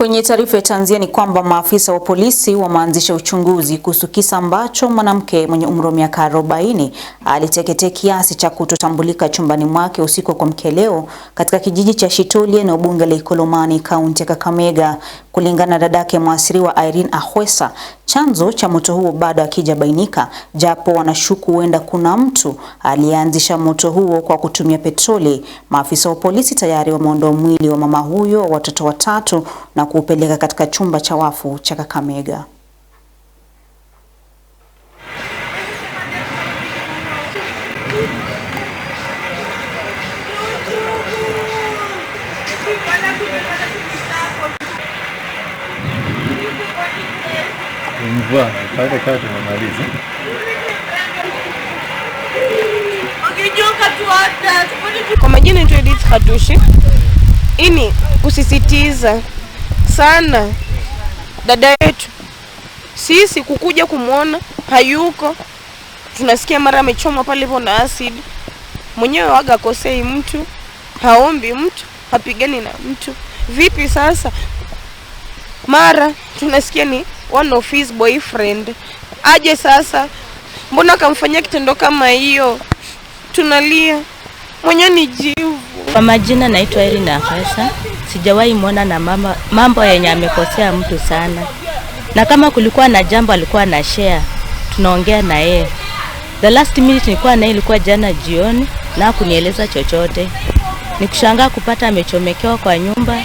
Kwenye taarifa ya tanzia ni kwamba maafisa wa polisi wameanzisha uchunguzi kuhusu kisa ambacho mwanamke mwenye umri wa miaka 40 aliteketea kiasi cha kutotambulika chumbani mwake usiku kwa mkeleo katika kijiji cha Shitolie na bunge la Ikolomani kaunti ya Kakamega. Kulingana na dadake mwasiriwa Irene Ahwesa, Chanzo cha moto huo bado hakijabainika, japo wanashuku huenda kuna mtu aliyeanzisha moto huo kwa kutumia petroli. Maafisa wa polisi tayari wameondoa mwili wa mama huyo, watoto watatu na kuupeleka katika chumba cha wafu cha Kakamega. mvua kata kaa tunamaliza kwa majina yetu Edith Katushi, Ini kusisitiza sana dada yetu, sisi kukuja kumwona hayuko, tunasikia mara amechomwa pale na acid. Mwenyewe waga akosei mtu, haombi mtu, hapigani na mtu. Vipi sasa mara tunasikia ni one of his boyfriend. Aje sasa, mbona akamfanyia kitendo kama hiyo? Tunalia mwenye ni jivu. Kwa majina naitwa Irina Afesa. Sijawahi mwona na mama, mambo yenye amekosea mtu sana, na kama kulikuwa na jambo alikuwa na share, tunaongea na yeye. The last minute nilikuwa naye ilikuwa jana jioni, na kunieleza chochote. Nikushangaa kupata amechomekewa kwa nyumba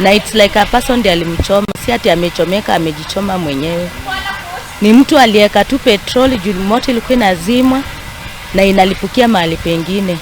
na it's like a person ndiye alimchoma, si ati amechomeka, amejichoma mwenyewe. Ni mtu aliyeka tu petroli juu moto ilikuwa inazimwa na inalipukia mahali pengine.